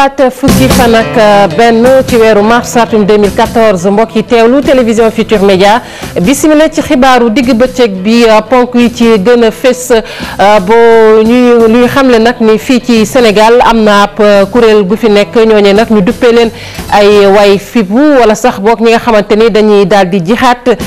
talaata fukki fa nag euh, benn ci weeru mars atum 2014 mbokk yi teewlu télévision Futur Média bisimila ci xibaaru digg bëccëg bi euh, ponk yi ci gën a fés euh, boo ñuy luy xamle nag ni fii ci Sénégal am na ab kuréel bu fi nekk ñooñee nag ñu duppee leen ay way fibu wala sax book ñi nga xamante ni dañuy daal di jihaat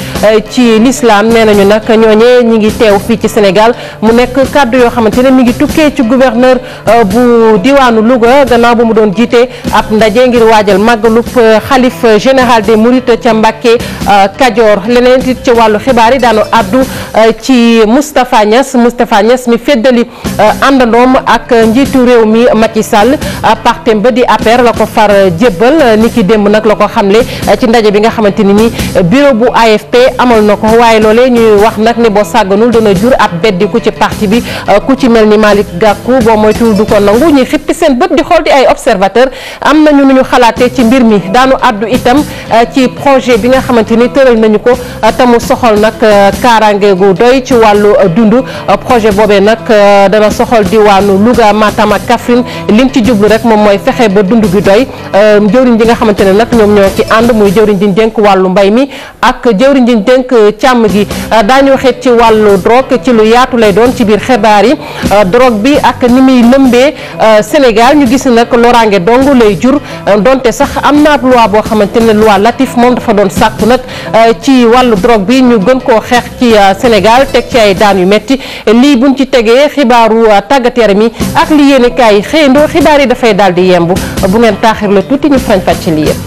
ci l'islam nee nañu nag ñooñee ñi ngi teew fii ci Sénégal mu nekk kàddu yoo xamante ne mi ngi tukkee ci gouverneur bu diwaanu Louga gannaaw bu mu doon jiite ab ndaje ngir waajal màggalub euh, xalif euh, général des Mourides ca Mbàkke euh, Kajoor leneen it ci wàllu xibaar yi daanu addu ci Moustapha Niass Moustapha Niass mi feddali àndandoom ak njiitu réew mi Macky Sall partem ba di APR la ko far jébbal ni ki démb nag la ko xamle ci ndaje bi nga xamante ni ni bureau bu AFP amal na ko waaye loolee ñuy wax nag ne boo sàgganul dana jur ab beddiku ci parti bi ku ci mel ni Malick Gakou boo moytuwul du ko nangu ñuy xippi seen l'observateur na ñu nu ñu xalaatee ci mbir mi daanu addu itam euh, ci projet bi nga xamante ni tëral nañu ko euh, tamu soxol nag euh, kaaraange gu doy ci wàllu dund projet boobee nag dana soxol diwaanu Louga Matam ak Kaffrine lim ci jublu rek moom mooy fexe ba dund gi doy jëwriñ ji nga xamante ne nag ñoom ñoo ci ànd muy jëwriñ ji dénk wàllu mbay mi ak jëwriñ ji dénk càmm gi daañu waxee ci wàllu drogue ci lu yaatu lay doon ci biir xibaar yi drogue bi ak ni muy lëmbee Sénégal loraange dong lay jur euh, donte sax am naa ab loi boo xamante ne loi latif moom dafa doon sàkku nag euh, ci wàllu drogue bi ñu gën koo xeex ci euh, senegal teg ci ay daan yu metti lii buñ ci tegee xibaaru tàggat yaram yi ak li yéene kaay xëyandoo xibaar yi dafay daal di yemb bu ngeen taaxir la tuuti ñu fañ fàcc li yëpp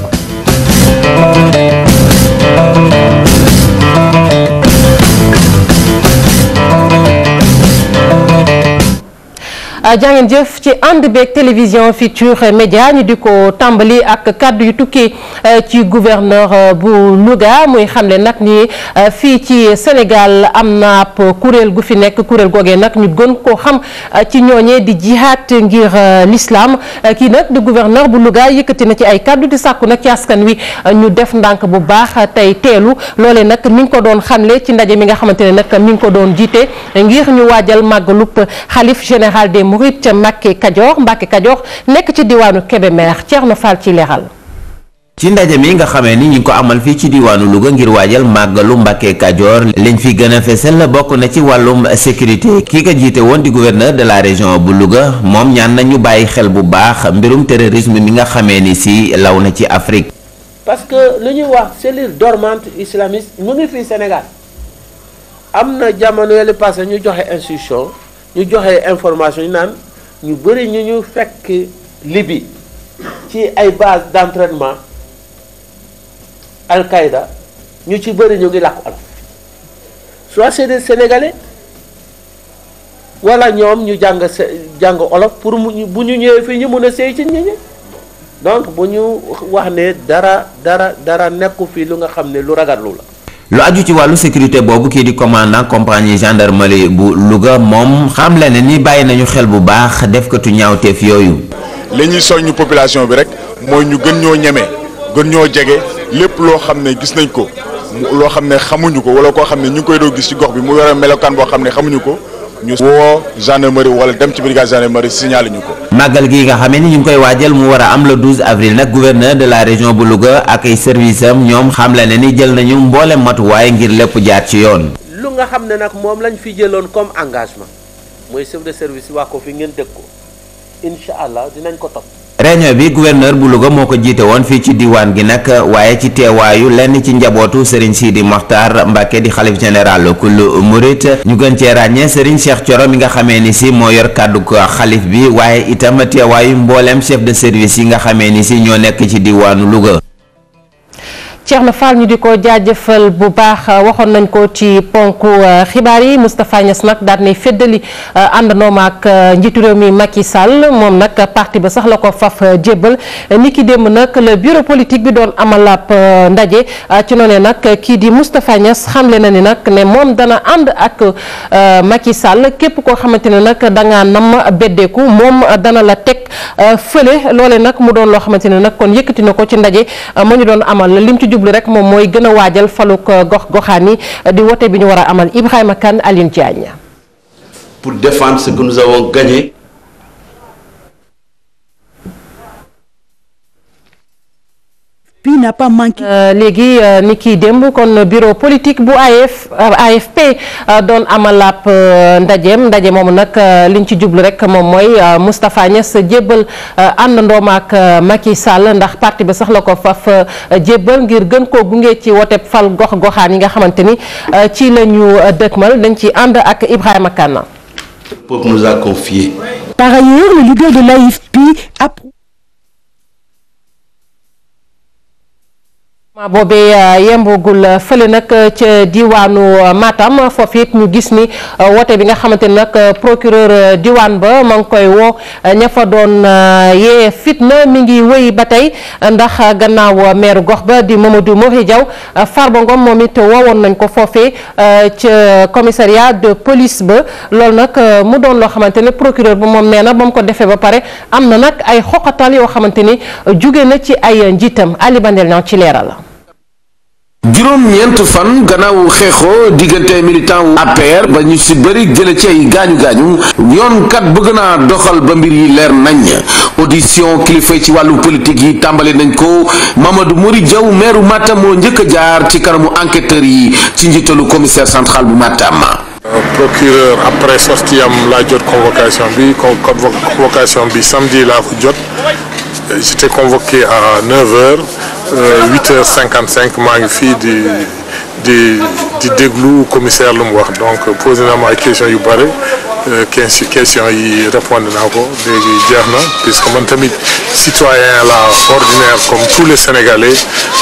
Euh, jàngeen jëf ci ànd beeg télévision Futurs Médias ñu di ko tàmbali ak kàddu yu tukkee euh, ci gouverneur euh, bu Louga muy xamle nag ni fii ci Sénégal am na ab kuréel gu fi nekk kuréel googee nag ñu gën koo xam ci ñooñee di jihaat ngir l'islam kii nag di gouverneur bu Louga yëkkati na ci ay kàddu di sàkku nag ci askan wi ñu def ndànk bu baax tey teelu loolee nag mi ngi ko doon xamle ci ndaje mi nga xamante ne nag mi ngi ko doon jiite ngir ñu waajal màggalub xalif général des Mouride ca Mbàkke Kajoor Mbàkke nekk ci diwaanu Kébémer Thierno Fall ci leeral. ci ndaje mi nga xamee ni ñu ko amal fii ci diwaanu luga ngir waajal màggalu Mbàkke Kajoor liñ fi gën a fesal bokk na ci wàllum sécurité kii ko jiite woon di gouverneur de la région bu Louga moom ñaan na ñu bàyyi xel bu baax mbirum terrorisme mi nga xamee ni si law na ci Afrique. parce que lu ñuy wax cellule dormante islamiste mu ngi fii Sénégal am na jamono yële ñu joxe institution. ñu joxe information yu naan ñu bëri ñu ñu fekk Libye ci ay base d'entraînement Al-Qaïda ñu ci bëri ñu ngi làkku olof soit c'est des wala ñoom ñu jàng jàng olof pour mu bu ñu ñëwee fii ñu mën a sëy ci ñi donc bu ñu wax ne dara dara dara nekku fii lu nga xam ne lu ragatlu la lu aju ci wàllu sécurité boobu kii di commandant compagnie gendarmerie bu Louga moom xam le ne ni bàyyi nañu xel bu baax def katu ñaawteef yooyu. li ñuy soññu population bi rek mooy ñu gën ñoo ñeme gën ñoo jege lépp loo xam ne gis nañ ko loo xam ne xamuñu ko wala koo xam ne ñu koy doo gis ci gox bi mu yore melokaan boo xam ne xamuñu ko. ñu woo gendarmerie wala dem ci brigade gendarmerie signalé ñu ko. màggal gi nga xamee ni ñu ngi koy waajal mu war a am le 12 avril nag gouverneur de la région bu Louga ak ay service am ñoom xam la ne ni jël nañu mboolem matuwaay ngir lépp jaar ci yoon. lu nga xam ne nag moom lañ fi jëloon comme engagement mooy chef de service wax ko fi ngeen dëkk ko incha allah dinañ ko topp. réunion bi gouverneur bu Louga moo ko jiite woon fii ci diwaan gi nag waaye ci teewaayu lenn ci njabootu sii di Mokhtar Mbacke di xalif général kul murit ñu gën cee ràññee Serigne Cheikh Thioro mi nga xamee ni si moo yor kàddu xalif bi waaye itam teewaayu mbooleem chef de service yi nga xamee ni si ñoo nekk ci diwaanu Louga. na Fall ñu di ko jaajëfal bu baax waxoon nañ ko ci ponk euh, xibaar yi Moustapha Niass nag daal feddali féddali euh, àndanoom ak euh, njiitu réew mi Macky moom nag parti ba sax la ko faf jébbal ni ki démb nag le bureau politique bi doon amal ab ndaje ci noonee nag kii di Moustapha Niass xamle na ni nag ne moom dana ànd ak Macky Sall képp koo xamante ne nag da ngaa nam beddeeku moom dana la teg fële loole nag mu doon loo xamante ne nag kon yëkkati na ko ci ndaje ma ñu doon jublu rek moom mooy gën a waajal faluk euh, gox-goxaan yi euh, di wote bi ñu war a amal Ibrahima Kane Aline Diagne. pour défendre ce que nous avons gagné l'appui euh, léegi ni euh, kii démb kon bureau politique bu AF AFP euh, doon amal ab ndajeem ndaje moomu nag liñ ci jublu rek moom mooy Moustapha sa jébbal àndandoom ak Macky Sall ndax parti ba sax la ko faf jébbal ngir gën koo gunge ci woteeb fal gox-goxaan yi nga xamante ni ci lañu ñu dëkkmal dañ ci ànd ak Ibrahima Kane. a confié. ma boobee euh, yembagul euh, fële nag euh, ca diwaanu Matam foofu it ñu gis ni woote bi nga xamante ni nag procureur diwaan ba ma ngi koy woo ña fa doon yee fitna mi ngi wéy ba tey ndax gannaaw meeru gox ba di Mamadou Mohi Diaw Farba Ngom moom it woowoon nañ ko foofee ca commissariat de police ba loolu nag mu doon loo xamante ne procureur ba moom nee nag ba mu ko defee ba pare am na nag ay xoqatal yoo xamante ni jóge na ci ay njiitam Ali Bandel ci leeral. juróom-ñeent fan gannaawu xeexoo diggante militant wu ba ñu si bëri jële ci ay gaañu gaañu yoon kat bëgg naa doxal ba mbir yi leer nañ audition kilifa ci wàllu politique yi tàmbali nañ ko Mamadou Mori Diaw meeru Matam moo njëkk jaar ci kanamu enquêteurs yi ci njiitalu commissaire centrale bu Matam. Euh, procureur après sortie am laa jot convocation bi convocation bi samedi laa ko jot. j'étais convoqué à 9h euh, huit heures cinquante cinq maa ngi fii di di di déglu commissaire lu mu wax donc euh, posé naa ma ay questions yu bare Euh, quinze question yi répondre naa ko léegi jeex na puisque man tamit citoyen la ordinaire comme tous les sénégalais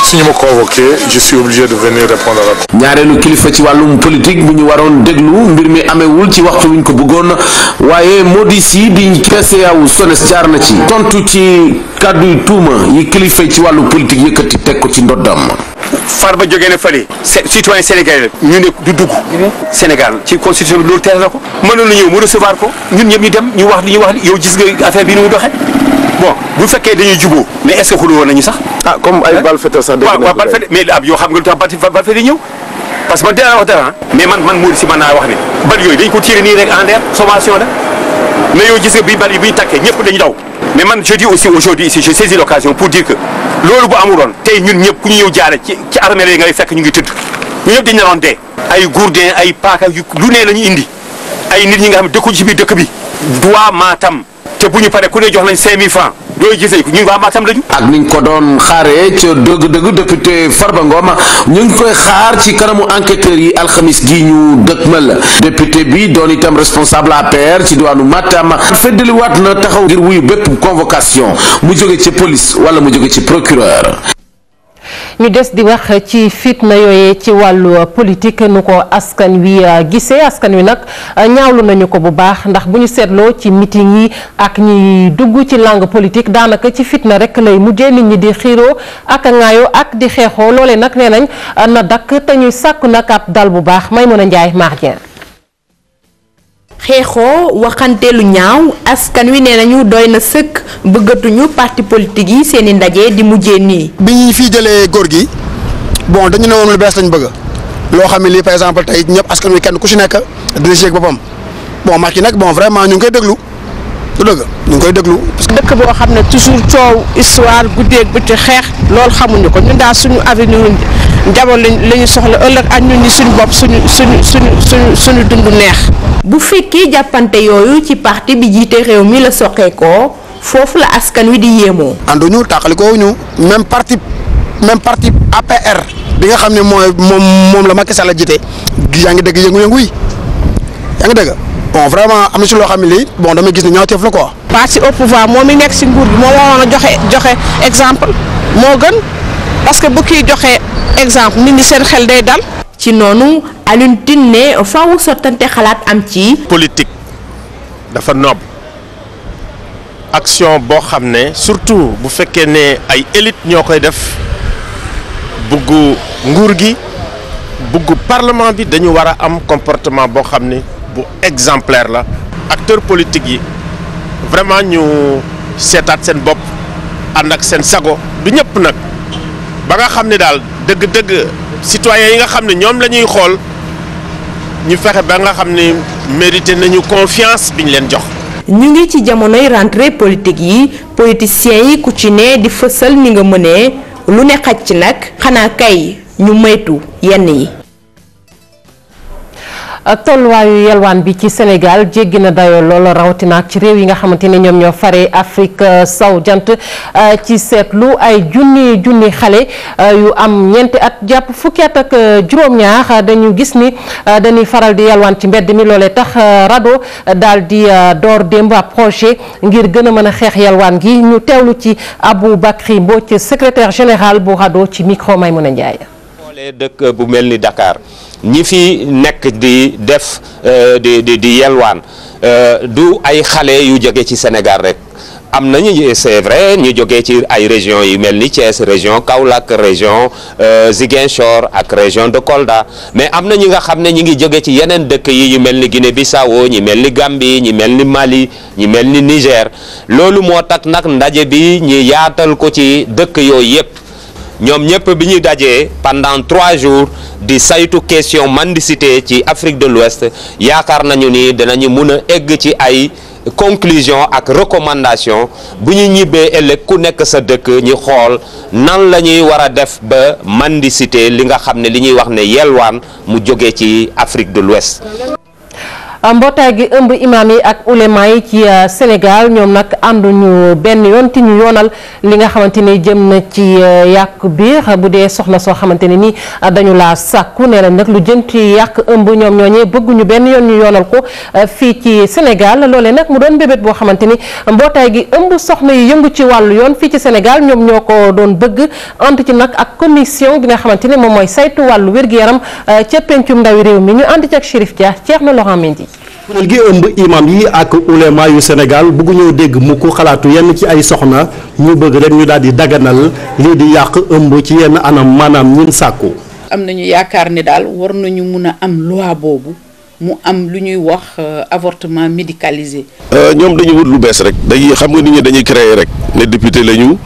suñu ma convoqué je suis obligé de venir répondre la la. ñaareelu kilifa ci wàllum politique bu ñu waroon déglu mbir mi amewul ci waxtu wuñ ko bëggoon na waaye modis yi di PCA wu SONES jaar na ci tontu ci kàddu tuuma yi kilifa ci wàllu politique yëkkati teg ko ci ndoddam. Farba jógee na fële citoyen sénégalais ñu ne du dugg Sénégal ci constitution bi loolu tere na ko mënoon na ñëw mu recevoir ko ñun ñëpp ñu dem ñu wax li ñu wax yow gis nga affaire bi ni mu doxee bu fekkee dañuy juboo mais est-ce que xuloo woon nañu sax ah comme ay bal fetal sax dégg waaw que man dinaa wax dara man naa wax ne bal yooyu dañ ko tiré nii rek en l'air sommation la mais yow gis nga bi bari bi ñu ñëpp dañu daw mais man je dis aussi aujourd'hui ici je saisis pour dire que loolu bu amuloon tey ñun ñëpp ku ñu ñëw jaare ci ci yi ngay fekk ñu ngi tëdd ñu ñëpp dañu naroon dee ay gourdin ay paaka yu lu nee la ñu indi ay nit ñi nga xam ne dëkkuñu ci biir dëkk bi droit maatam te bu ñu paree ku ne jox lañ 5000 francs yooyu gis nañ ko ñun waa ak niñ ko doon xaaree ca dëgg-dëgg député Farba Ngom ñu ngi koy xaar ci kanamu enquêteurs yi alxamis gi ñu la député bi doon itam responsable APR ci diwaanu Matam feddaliwaat na taxaw ngir wuyu bépp convocation mu jóge ci police wala mu jóge ci procureur. ñu des di wax ci fitna yooyee ci wàllu politique nu ko askan wi euh, gisee askan wi nag euh, ñaawlu nañu ko bu baax ndax bu ñu seetloo ci mitin yi ak ñuy dugg ci langue politique daanaka ci fitna rek lay mujjee nit ñi di xiiroo ak ŋaayoo ak di xeexoo loolee nag nee nañ euh, na dakk te ñuy sàkku nag ab dal bu baax Maymuna Njaay Maardien xeexoo waxante lu ñaaw askan wi nee nañu doy na sëkk bëggatuñu parti politique yi seen i ndaje di mujjee nii. bi ñuy fii jëlee góor gi bon dañu ne woon lu bees lañ bëgg loo xam ne lii par exemple tey ñëpp askan wi kenn ku si nekk dina si yëg boppam bon Macky nag bon vraiment ñu ngi koy déglu du dëgg ñu ngi koy déglu. dëkk boo xam ne toujours coow histoire guddeeg bëccëg xeex loolu xamuñu ko ñun daal suñu avenir njaboot la ñu soxla ëllëg ak ñun ñi suñu bopp suñu suñu suñu suñu suñu dund neex. bu fekkee jàppante yooyu ci parti bi jiite réew mi la soqeekoo foofu la askan wi di yéemoo. ànduñu tàqalikoo ñu même parti même parti APR bi nga xam ne mooy moom moom la Macky Sall a jiite yaa ngi dëgg yëngu-yëngu yi yaa ngi dégg bon vraiment am na si loo xam ne lii bon damay gis ne ñaawteef la quoi. parti au pouvoir moom mi nekk si nguur gi moom waroon a joxe joxe exemple moo gën parce exemple nit ñi seen xel day daal ci noonu Alioune Tine ne faaw sottante xalaat am ci. politique dafa noble action boo xam ne surtout bu fekkee ne ay élite ñoo koy def buggu nguur gi buggu parlement bi dañu war a am comportement boo xam ne bu exemplaire la. acteur politiques yi vraiment ñu seetaat seen bopp ànd ak seen sago du ñëpp nag ba nga xam ne daal. dëgg-dëgg citoyens yi nga xam ne ñoom lañuy xool ñu fexe ba nga xam ne mérité nañu confiance bi ñu leen jox. ñu ngi ci jamonoy rentrée politique yi politiciens yi ku ci ne di fësal ni nga mënee lu ne xaj ci nag xanaa kay ñu moytu yenn yi. tolluwaayu yalwaan bi ci Sénégal jéggi na dayoo lool rawatina ci réew yi nga xamante ne ñoom ñoo fare Afrique euh, saw jant euh, ci seetlu ay junni junni xale euh, yu am ñeenti at jàpp fukki at ak juróom-ñaar dañu gis ni dañuy faral di yelwaan ci mbedd mi loolee tax rado daal di door démb ab projet ngir gën a mën a xeex yelwaan gi ñu teewlu ci Abou Bakri Mbodj secretaire général bu rado ci micro Maimouna njaay xoolee dëkk bu mel ni Dakar ñi fi nekk di def euh, di di di yelwaan euh, du ay xale yu jóge ci Sénégal rek am nañu ñu jógee ci ay régions yi mel ni Thiès région Kaolack région euh, Ziguinchor ak région de Kolda mais am na ñi nga xam ne ñi ngi jóge ci yeneen dëkk yi ñu mel ni Guinée-Bissau ñi mel ni Gambie ñi mel ni Mali ñi mel ni Niger loolu moo tax nag ndaje bi ñi yaatal ko ci dëkk yooyu yépp ñoom ñëpp bi ñuy dajee pendant trois jours di saytu question mendicité ci Afrique de l'Ouest yaakaar nañu ni dinañu mun a egg ci ay conclusion ak recommandation bu ñu ñibbee ëllëg ku nekk sa dëkk ñu xool nan la ñuy war a def ba mendicité li nga xam ne li ñuy wax ne yelwaan mu jóge ci Afrique de l'Ouest mbootaay gi ëmb imaam yi ak ulema yi ci euh, Sénégal ñoom nag ànduñu benn yoon ti ñu yoonal li nga xamante ni jëm na ci euh, yàq biir bu dee soxna soo xamante ne ni euh, dañu laa sàkku nee nañ nag lu jëm ci yàq ëmb ñoom ñooñee bëgguñu benn yoon ñu yoonal ko fii ci Sénégal loolee nag mu doon bébét boo xamante ni mbootaay gi ëmb soxna yi yëngu ci wàllu yoon fii ci Sénégal ñoom ñoo ko doon bëgg ant ci nag ak commission bi nga xamante ni moom mooy saytu wàllu wér-gu-yaram ca pencum ndawi réew mi ñu ànd ci ak Chérif na Thierno Laurent Mendy kuréel gi ëmb imam yi ak ulema yu Sénégal bëggu ñoo dégg mukk xalaatu yenn ci ay soxna ñu bëgg rek ñu daal di daganal lii di yàq ëmb ci yenn anam maanaam ñun sàkku am nañu yaakaar ne daal war nañu mun a am loi boobu mu am lu ñuy wax euh, avortement médicalisé. Euh, ñoom dañu wut lu bees rek. dañuy xam nga nit ñi dañuy créer rek. ne député lañu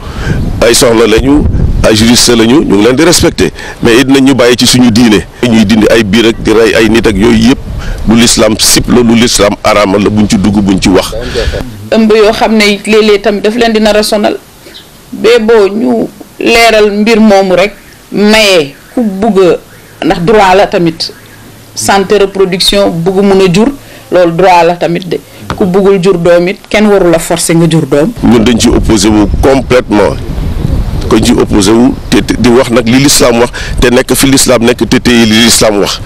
ay soxla lañu ay juriste lañu ñu ngi leen di respecté mais it nañ ñu bàyyi ci suñu diine. ñuy dindi ay biir ak di rey ay nit yooyu yëpp. lu lislaam sib la lu lislaam araama la buñ ci dugg buñ ci wax ëmb yoo xam ne léeg-léeg tamit daf leen dina rasonal bee boo ñu leeral mbir moomu rek maye ku bugg ndax droit la tamit santé reproduction bugg mun a jur loolu droit la tamit de ku buggul jur doom it kenn warul a forcer nga jur doom ñun dañ ci opposé wu complètement ko ji opposé wu te di wax nag li lislaam wax te nekk fi lislaam nekk te téye li lislaam wax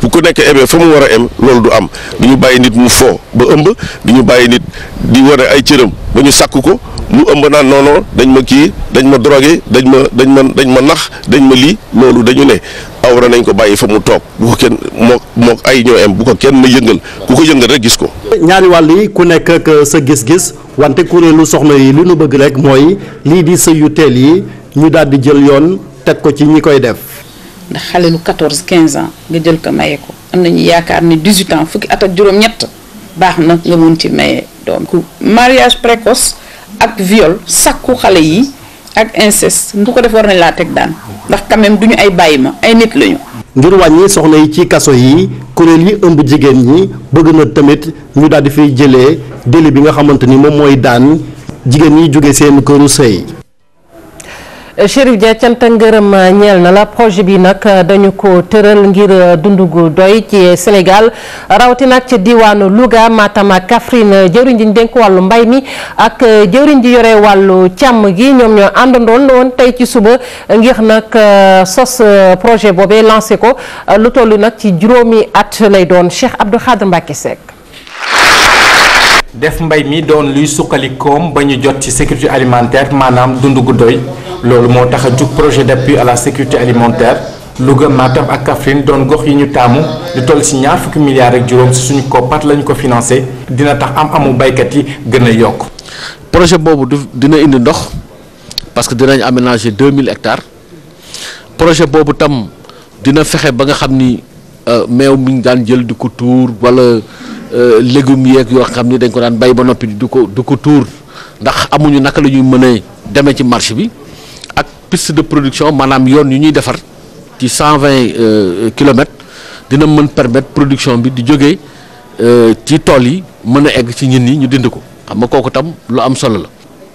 bu ko nekk ebee fa mu war a em loolu du am du ñu bàyyi nit mu foo ba ëmb du ñu bàyyi nit di wane ay cëram ba ñu sàkk ko mu ëmb naan noonu dañ ma kii dañ ma drogué dañ ma dañ dañ ma nax dañ ma lii loolu dañu ne awra nañ ko bàyyi fa mu toog bu ko kenn moo moo ay ñoo em bu ko kenn yëngal ku ko yëngal rek gis ko. ñaari wàll yi ku nekk ak sa gis-gis wante lu soxna yi lu nu bëgg rek mooy lii di sëy yu teel yi ñu daal di jël yoon teg ko ci ñi koy def. ndax xale lu 14 15 ans nga jël ko maye ko am nañu yaakaar ne 18 ans fukki at ak juróom-ñett baax na nga mun ci maye doom. ak viol sàkku xale yi ak inceste ku ko def war nañ laa teg daan ndax quand même du ñu ay bàyyi ma ay nit lañu. ngir wàññi soxna yi ci kaso yi kuréel yi ëmb jigéen ñi bëgg na tamit ñu daal di fay jëlee déli bi nga xamante ni moom mooy daan jigéen ñi jóge seen këru sëy Chérif Dia cant ak ngërëm euh, ñeel na la projet bi nag euh, dañu ko tëral ngir euh, dund doy ci Sénégal rawati nag ci diwaanu Louga Matam ak Kaffrine jëwriñ ji ñu wàllu mbay mi ak jëwriñ ji yore wàllu càmm gi ñoom ñoo àndandoon woon tey ci suba ngir nag sos projet boobee lancé ko lu toll nag ci juróomi at lay doon Cheikh Abdou Khadre Mbacké Seck def mbay mi doon luy suqali koom ba ñu jot ci sécurité alimentaire maanaam dund gu doy loolu moo tax a jug projet d'appui à la sécurité alimentaire Louga Matam ak Kaffrine doon gox yi ñu taamu lu toll ci ñaar fukki milliards ak juróom si suñu koppat lañu ko financé dina tax am amul baykat yi gën a yokk. projet boobu du dina indi ndox parce que dinañ aménager 2000 hectares projet boobu tam dina fexe ba nga xam ni euh, meew mi ñu daan jël di ko tuur wala. Euh, légumes yeeg yoo xam ni dañ ko daan bay ba noppi du ko du ko tuur ndax amuñu naka la ñuy mën a demee ci marché bi ak piste de production maanaam yoon yu ñuy defar ci cent vingt euh, kilomètres dina mën permettre production bi di jógee euh, ci tool yi mën a egg ci ñin ñi ñu dind ko xam nga kooku itam lu am solo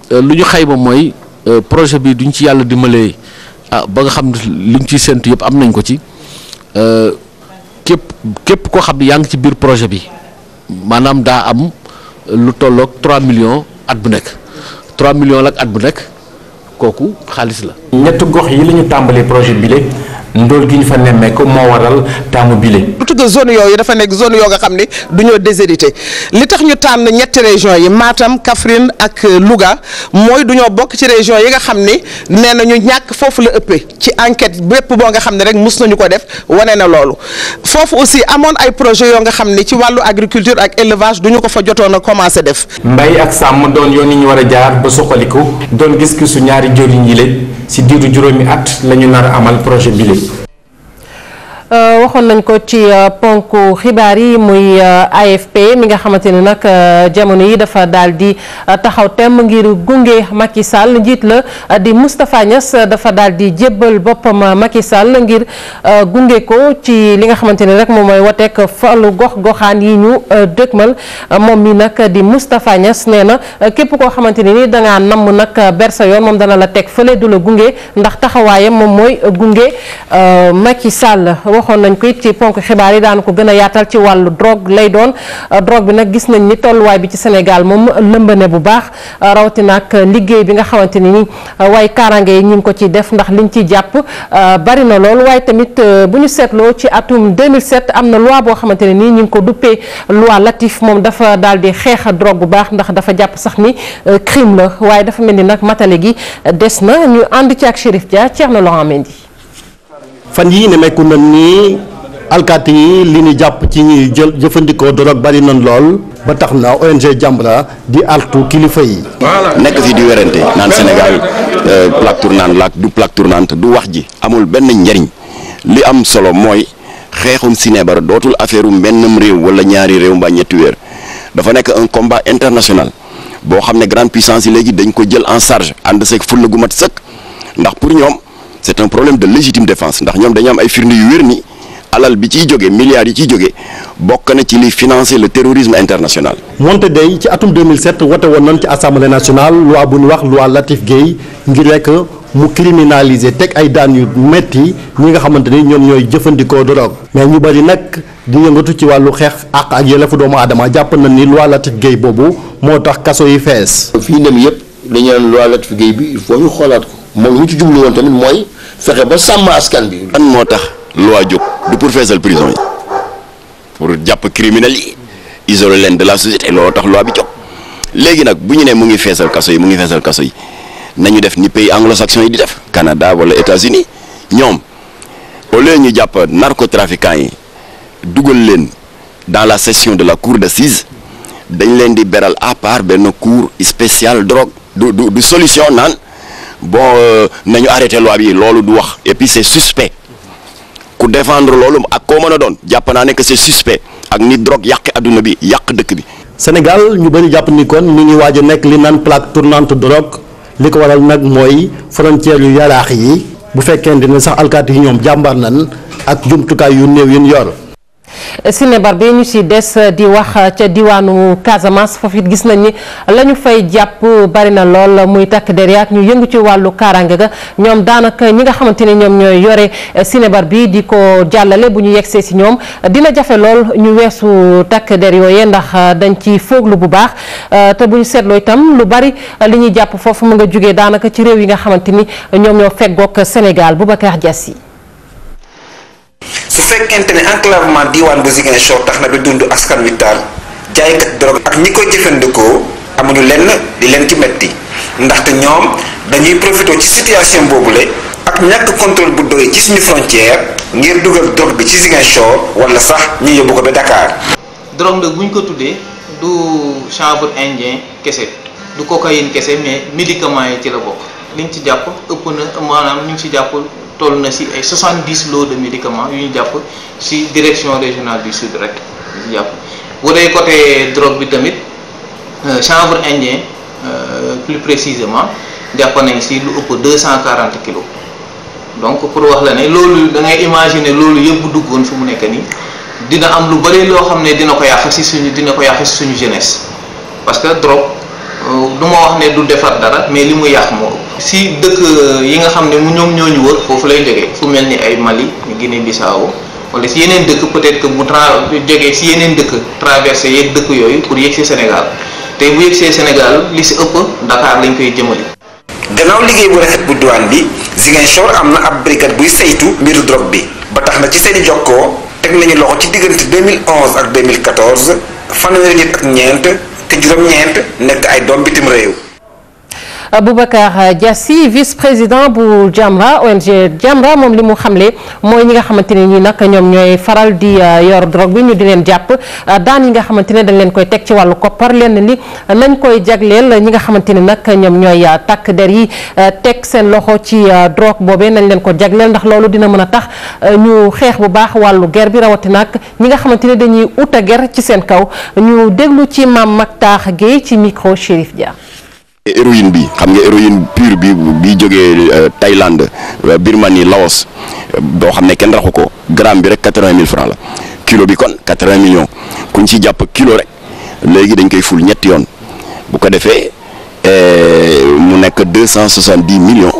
la. lu ñu xayma mooy projet bi duñ ci yàlla dimbalee ah ba nga xam ne luñ ci séntu yëpp am nañ ko ci képp képp koo xam ne yaa ngi ci biir projet bi. maanaam daa am lu tolloog 3 millions at bu nekk 3 millions la at bu nekk kooku xaalis la. ñett gox yi la ñu tàmbalee projet bi léegi ndool gi ñu fa nemmeeku moo waral taamu bile. surtout que zone yooyu dafa nekk zone yoo nga xam ne du ñoo déshérité li tax ñu tànn ñetti région yi Matam Kaffrine ak euh, Louga mooy du ñoo bokk ci région yi nga xam ne nee na ñu ñàkk foofu la ëppee ci enquête bépp boo nga xam ne rek mus nañu ko def wane na loolu foofu aussi amoon ay projet yoo nga xam ne ci wàllu agriculture ak élevage du ñu ko fa jotoon a commencé def. mbay ak sàmm doon yoon yi ñu war a jaar ba suqaliku doon gis-gisu ñaari jëriñ yi la si diiru juróomi at la ñu nar amal projet bile. Euh, waxoon nañ ko ci euh, ponk xibaar yi muy euh, AFP mi nga xamante ni nag jamono yi dafa daal di taxaw temm ngir gunge Macky Sall njiit la di Moustapha Niass dafa daal di jébbal boppam Macky Sall ngir gunge ko ci li nga xamante ni rek moom mooy wateek falu gox goxaan yi ñu dëkkmal moom mi nag di Moustapha Niass nee na képp koo xamante ni dangaa namm nag bersa yoon moom dana la teg fële du la gunge ndax taxawaayam moom mooy gunge Macky Sall. waxoon nañ ko ci ponk xibaar yi daan ko gën a yaatal ci wàllu drogue lay doon euh, drogue bi nag gis nañ ni tolluwaay bi ci Sénégal moom lëmbane bu baax rawatina liggéey bi nga xamante ni nii euh, kaaraange yi ñu ngi ko ci def ndax liñ ciy jàpp euh, bari na lool waaye tamit bu ñu seetloo ci atum 2007 am na loi boo xamante ne nii ñu ngi ko duppee loi Latif moom dafa daal di xeex drogue bu baax ndax dafa jàpp sax ni crime la waaye dafa mel ni nag matale gi des na ñu ànd ci ak Chérif Dia Thierno Laurent Mendy fan yii ne mekku nan nii alkaati li ñu jàpp ci ñuy jël jëfandikoo drogue bari nan lool ba tax na ONG Jamra di artu kilifa yi. nekk fi di werante naan Sénégal euh, plaque tournante la du plaque tournante du wax ji amul benn njariñ li am solo mooy xeexum sinébar dootul affaire um benn réew wala ñaari réew mbaa ñetti weer dafa nekk un combat international boo xam ne grande puissance yi léegi dañ ko jël en charge ànd seeg fulla gu mat sëkk ndax pour ñoom. c'est un problème de légitime défense ndax ñoom dañu am ay firnde yu wér ni alal bi ciy jógee milliards yi ciy jógee bokk na ci li financer le terrorisme international. wante day ci atum 2007 wote woon nañ ci assemblée nationale loi bu ñu wax loi Latif Guèye ngir rek mu criminaliser teg ay daan yu metti ñi nga xamante ni ñoom ñooy jëfandikoo drogue. mais ñu bari nag di yëngatu ci wàllu xeex ak ak yelleefu doomu aadama jàpp nañ ni loi Latif Guèye boobu moo tax kaso yi fees. fii dem yëpp dañu naan loi Latif bi il ñu xoolaat ko. moom mu ci jublu woon tamit mooy fexe ba sàmm askan bi. lan moo tax loi jóg du pour feesal prison yi pour jàpp criminels yi isoler leen de la société looloo tax loi bi jóg léegi nag bu ñu nee mu ngi feesal kaso yi mu ngi feesal kaso yi nañu def ni pays anglo-saxon yi di def Canada wala États-Unis ñoom au ñu jàpp narcotrafiquants yi dugal leen dans la session de la cour d'assises dañ leen di beral à part benn cour spéciale drogue du du du solution naan. bon euh, nañu arrêté loi bi loolu du wax et puis c'est suspect ku defendre loolu ak koo mën a doon jàpp naa ne que c'est suspect ak ni drogue yàq àdduna bi yàq dëkk bi. Sénégal ñu bëri jàpp ni kon ñu ngi waaj a nekk li naan plaque tournante drogue li ko waral nag mooy frontière yu yaraax yi bu fekkee ne sax alkaati yi ñoom jàmbar nan ak jumtukaay yu néew yu ñu yor. sinébar bi ñu si des euh, di wax euh, ca diwaanu Casamance foofu it gis nañ ni la ñu fay jàpp bari na lool muy takk der yaak ñu yëngu ci wàllu kaaraange ga ñoom daanaka ñi nga xamante ni ñoom ñooy yore euh, sinebar bi di ko jàllale bu ñu yegsee si ñoom dina jafe lool ñu weesu takk der yooyee ndax dañ ci fooglu bu baax te bu ñu seetloo itam lu bari li ñuy jàpp foofu mu nga jógee daanaka ci réew yi nga xamante ni ñoom ñoo feggoog Sénégal Boubacar yi bu fekkente ne enclavement diwaan bu Ziguinchor tax na ba dundu askan wi daal jaaykat drogue ak ñi koy jëfandikoo amuñu lenn di leen ci metti ndaxte ñoom dañuy profité ci situation boobule ak ñàkk contrôle bu doy ci suñu frontière ngir dugal drogue bi ci Ziguinchor wala sax ñu yóbbu ko ba dakaar drogue nag bu ko tuddee du chanvre indien kese du cocaïne kese mais médicament yi ci la bokk liñ ci jàpp ëpp na maanaam ñu ngi ci jàpp. toll na si ay 70 lots de médicaments yu ñu jàpp si direction régionale du sud rek ñu jàpp bu dee côté drogue bi tamit euh, chanvre indien euh, plus précisément jàpp nañ si lu ëpp 240 kilos donc pour wax la ne loolu da ngay imaginer loolu yëpp duggoon fi mu nekk nii dina am lu bëri loo xam ne dina ko yàq si suñu dina ko yàq si suñu jeunesse parce que drogue. Euh, du ma wax ne du defar dara mais li mu yàq moo si dëkk yi nga xam ne mu ñoom ñoo ñu wër foofu lay jógee fu mel ni ay Mali Guinée Bissau wala si yeneen dëkk peut-être que bu tra jógee si yeneen dëkk traversé yeeg dëkk yooyu pour yëg si Sénégal te bu yegg see Sénégal li si ëpp Dakar lañ koy jëmale. gannaaw liggéey bu rafet bu douane bi Ziguinchor am na ab brigade buy saytu mbiru drogue bi ba tax na ci seen i jokkoo teg nañu loxo ci diggante 2011 ak 2014 fanweeri nit ak ñeent. fukk juróom-ñeent nekk ay doom bitim réew Boubacar Diassi vice-président bu Jamra ONG Jamra moom li mu xamle mooy ñi nga xamante ne ñi nag ñoom ñooy faral di euh, yor drogue bi ñu di leen jàpp euh, daan yi nga xamante ne dañ leen koy teg ci wàllu koppar lenn ni nañ koy jagleel ñi nga xamante ne nag ñoom ñooy euh, takk der yi teg seen loxo ci drogue boobee nañ leen ko jagleel ndax loolu dina mën a tax ñu xeex bu baax wàllu ger bi rawatina ak ñi nga xamante ne dañuy ut a ger ci seen kaw ñu déglu ci maam Mactar Guèye ci micro Dia E- héroïne bi xam nga héroïne pure bi bi jógee euh, Thaïlande euh, Birmanie Laos euh, boo xam ne kenn raxu ko gramme bi rek quatre mille francs la kilo bi kon quatre-vingt millions kuñ ci jàpp kilo rek léegi dañ koy ful ñetti yoon bu ko defee mu nekk deux cent soixante-dix millions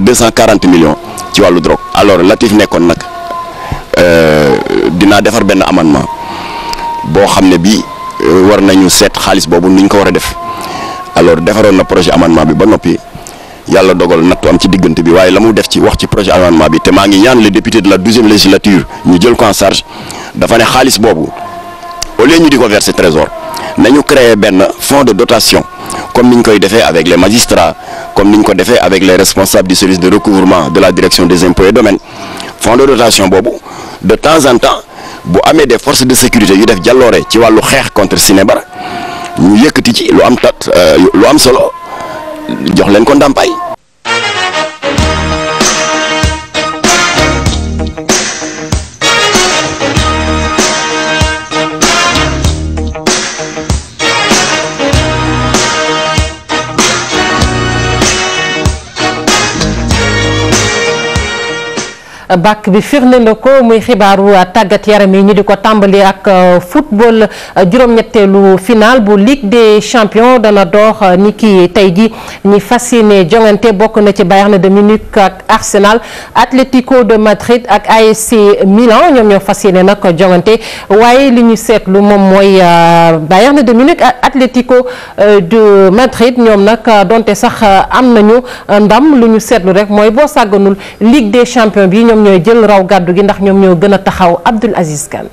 deux cent quarante millions ci wàllu drogue alors Latif nekkoon nag dinaa defar benn amendement boo xam ne bii war nañu seet xaalis boobu ni ñu ko war a def alors defaroon na projet amendement bi ba noppi yàlla dogal nattu am ci diggante bi waaye la mu def ci wax ci projet amendement bi te maa ngi ñaan les députés de la douzième législature ñu jël ko en charge dafa ne xaalis boobu au ñu di ko verser trésor ñu créer benn fonds de dotation comme ni ñu koy defee avec les magistrats comme ni ñu ko defee avec les responsables du service de recouvrement de la direction des impôts et domaines fonds de dotation boobu de bu amee des forces de sécurité yu def jalloore ci wàllu xeex contre Sine Bara ñu yëkkati ci lu am tat euh, lu am solo jox leen ko ndàmpaay. bàkk bi firnde la ko muy xibaaru uh, tàggat yaram yi ñu di ko tàmbali ak uh, football uh, juróom-ñetteelu final bu Ligue des champions dana dox ni ki tey ji ñi fas yéene jongante bokk na ci Bayern de Munich ak Arsenal Atlético de Madrid ak ASC Milan ñoom ñoo fas yéene nag jongante waaye li ñu seetlu moom mooy euh, Bayern de Munich ak Atlético euh, de Madrid ñoom nag donte sax euh, am nañu ndam lu ñu seetlu rek mooy boo sàgganul Ligue des champions bi ñoom ñooy jël raw gàddu gi ndax ñoom ñoo gën a taxaw Abdoul Aziz Kane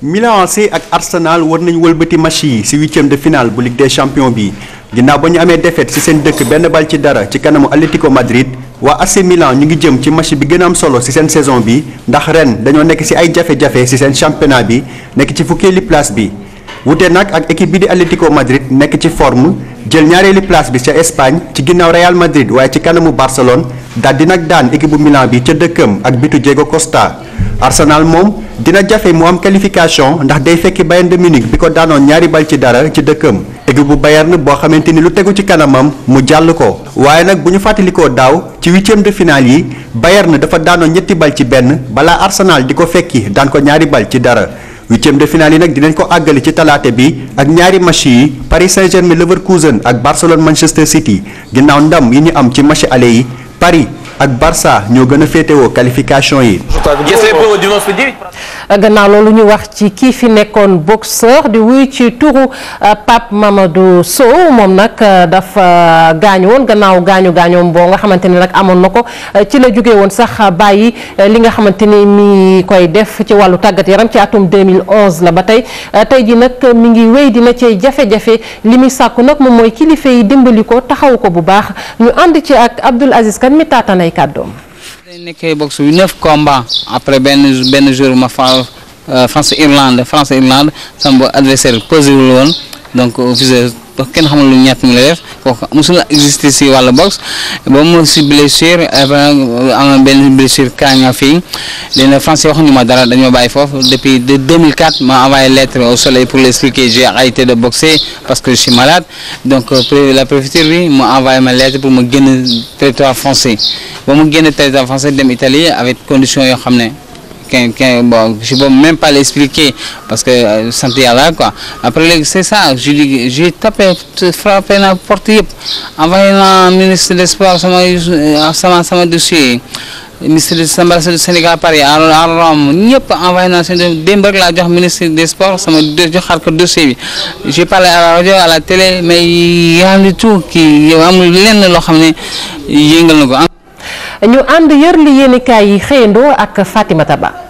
Milan AC ak Arsenal war nañu wëlbati match yi ci huitième de finale bu Ligue des champions bi ginnaaw ba ñu amee défaite ci seen dëkk benn bal ci dara ci kanamu Atlético Madrid waa AC Milan ñu ngi jëm ci match bi gën a solo ci seen saison bi ndax ren dañoo nekk ci ay jafe-jafe ci seen championnat bi nekk ci fukkeeli place bi wute nag ak équipe bi di Atlético Madrid nekk ci forme jël ñaareeli place bi ca Espagne ci ginnaaw Real Madrid waaye ci kanamu Barcelone daldi nag daan équipe bu Milan bi ca dëkkam ak bitu Diego Costa Arsenal moom dina jafe mu am ndax day fekki Bayern de Munich bi ko daanoon ñaari bal ci dara ci dëkkam équipe bu Bayern boo xamante ni lu tegu ci kanamam mu jàll ko waaye nag bu ñu fàttalikoo daaw ci huitième de finale yi Bayern dafa daanoo ñetti bal ci benn balaa Arsenal di ko fekki daan ko ñaari bal ci dara huitième de finale yi nag dinañ ko àggali ci talaate bi ak ñaari match yi Paris Saint-Germain Leverkusen ak Barcelone Manchester City ginnaaw ndam yi ñu am ci match ale yi Paris. ak barsa ñoo gën a féetewoo qualification yi. gannaaw loolu ñu wax ci kii fi nekkoon boxeur di wuyu ci turu euh, Pape Mamadou Sow moom nag euh, dafa gaañu woon gannaaw gaañu gaañoom boo nga xamante ni nag amoon na ko euh, ci la jóge woon sax bàyyi li nga xamante ni mi koy def ci wàllu tàggat yaram ci atum 2011 la ba tey tey ji nag mi ngi wéy dina ci jafe-jafe li muy sàkku nag moom mooy kilifa yi dimbali ko taxaw ko bu baax ñu ànd ci ak Abdoul Aziz Kan mi taatana ay kàddoom. dañ nekkee boxe yu neuf combat après benn benn jour ma faal euh, France Irlande France Irlande sama adversaire posé wul woon parce que kenn xamul lu ñett mi la def kooku mosul existé si wàllu box ba mu si blessure am benn blessure kaña fii le français waxuñu ma dara dañoo bàyyi foofu depuis de ma envoyé lettre au soleil pour l'expliquer j'ai arrêté de boxer parce que je suis malade donc euh, la préfecture bi mu envoyé ma lettre pour ma gën territoire français ba mu génn territoire français dem Italie avec condition yoo xam ne. qu'un, qu'un, bon, je ne peux même pas l'expliquer parce que euh, sant yàlla quoi après c'est ça je dis frappé na porte yëpp envoyé na ministre des sports sama euh, dossier ministre de l'ambassade du à Paris à Rome ñëpp envoyé naa seen démb rek laa jox ministre des sports sama joxaat ko dossier bi j'ai à la télé mais y a du tout qui amul lenn loo xam ne yëngal ñu ànd yër li yéenekaay yi xëyandoo ak Fatimata Ba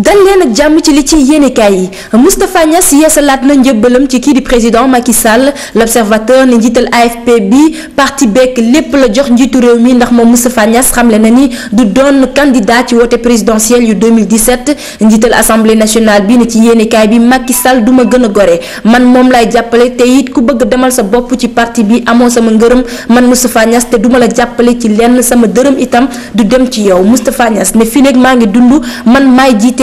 dal leen ak jàmm ci li ci yéenekaay yi Moustapha Niass yeesalaat na njëbbalam ci kii di président Macky Sall l'observateur ni njiital AFP bi parti bekk lépp la jox njiitu réew mi ndax moom Moustapha Niass xamle na ni du doon candidat ci woote présidentielle yu 2017 njiital assemblée nationale bi ni ci yéenekaay bi Macky Sall du ma gën gore man moom lay jàppale tey it ku bëgg demal sa bopp ci parti bi amoo sama ngërëm man Moustapha Niass te duma la jàppale ci lenn sama dërëm itam du dem ci yow Moustapha Niass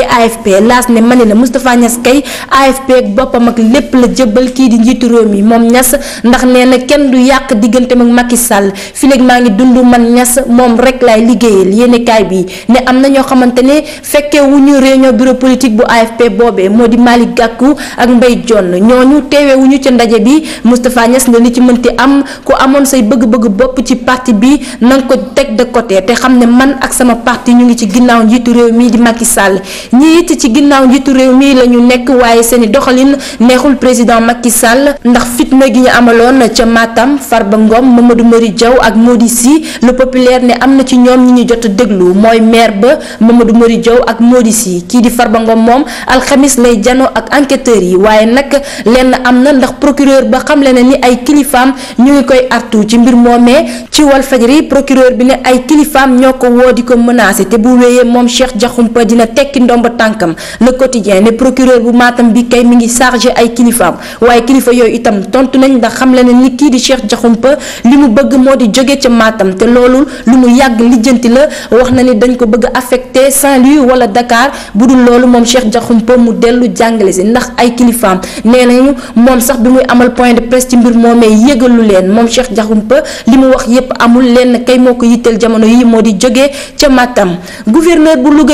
AFP laas ne mani la Moustapha Niass kay AFP ak boppam ak lépp la jëbbal kii di njiitu réew mi moom ñas ndax nee na kenn du yàq diggante ak Macky Sall fileeg maa ngi dund man ñas moom rek laay liggéeyal yéenekaay bi ne am na ñoo xamante ne fekkee wu ñu réunion bureau politique bu AFP boobee moo di Malick Gakou ak Mbaye Dione ñooñu teewee wu ndaje bi Moustapha Niass ne li ci mënti am ku amoon say bëgg-bëgg bopp ci parti bi na ko teg de côté te xam ne man ak sama parti ñu ngi ci ginnaaw njiitu réew mi di Macky Sall ñi it ci ginnaaw njiitu réew mii la ñu nekk waaye seeni doxalin neexul président Macky Sall ndax fitna gi ñu amaloon ca Matam Farba Ngom Mamadou Mari Diaw ak Mody Sy le populaire ne am na ci ñoom ñi ñu jot déglu mooy maire ba Mamadou Mari Diaw ak Mody Sy kii di Farba Ngom moom alxamis lay jano ak enquêteurs yi waaye nag lenn am na ndax procureur ba xamle na ni ay kilifaam ñu ngi koy artu ci mbir moomee ci Walfadjri procureur bi ne ay kilifaam ñoo ko woo di ko menacé te bu wéyee moom Cheikh Diakhoumpa dina tekki ndomb ndomba tànkam le quotidien ne procureur bu Matam bi kay mi ngi chargé ay kilifaam waaye kilifa yooyu itam tontu nañ ndax xam le ne ni kii di Cheikh Diakhoumpa li mu bëgg moo di jóge ca maatam te loolu lu mu yàgg lijjanti la wax na ni dañ ko bëgg affecté Saint-Louis wala Dakar bu dul loolu moom Cheikh Diakhoumpa mu dellu jàngale si ndax ay kilifaam nee nañu moom sax bi muy amal point de presse ci mbir moomee yëgalu leen moom Cheikh Diakhoumpa li mu wax yépp amul lenn kay moo ko yitteel jamono yi moo di jóge ca Matam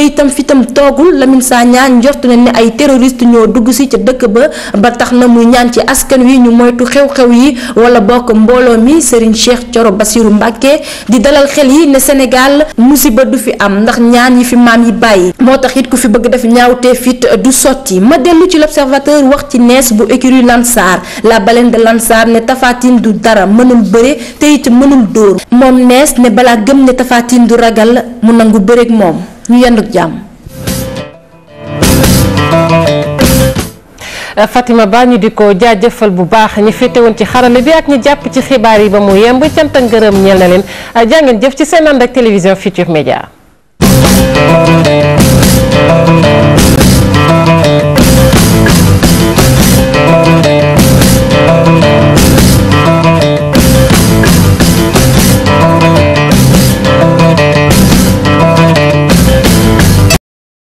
itam fitam toogul Lamine Sagna njort na ne ay terroriste ñoo dugg si ca dëkk ba ba tax na muy ñaan ci askan wi ñu moytu xew-xew yi wala bokk mbooloo mi Serigne Cheikh Thioro Bassirou Mbacké di dalal xel yi ne Sénégal musiba du fi am ndax ñaan yi fi maam yi bàyyi moo tax it ku fi bëgg def ñaawtee fit du sotti ma dellu ci l'observateur wax ci nees bu écurie Lansar la baleine de Lansar ne tafaatin du dara mënul bëre te it mënul dóor moom nees ne balaa gëm ne tafaatin du ragal mu nangu bëreeg moom ñu yenduk jàmm Euh, Fatima baa ñu di ko jaajëfal bu baax ñi féete woon ci xarale bi ak ñi jàpp ci xibaar yi ba mu yemb cant ak ngërëm ñeel na leen euh, jàngeen jëf ci seen ànd ak télévision Futurs Médias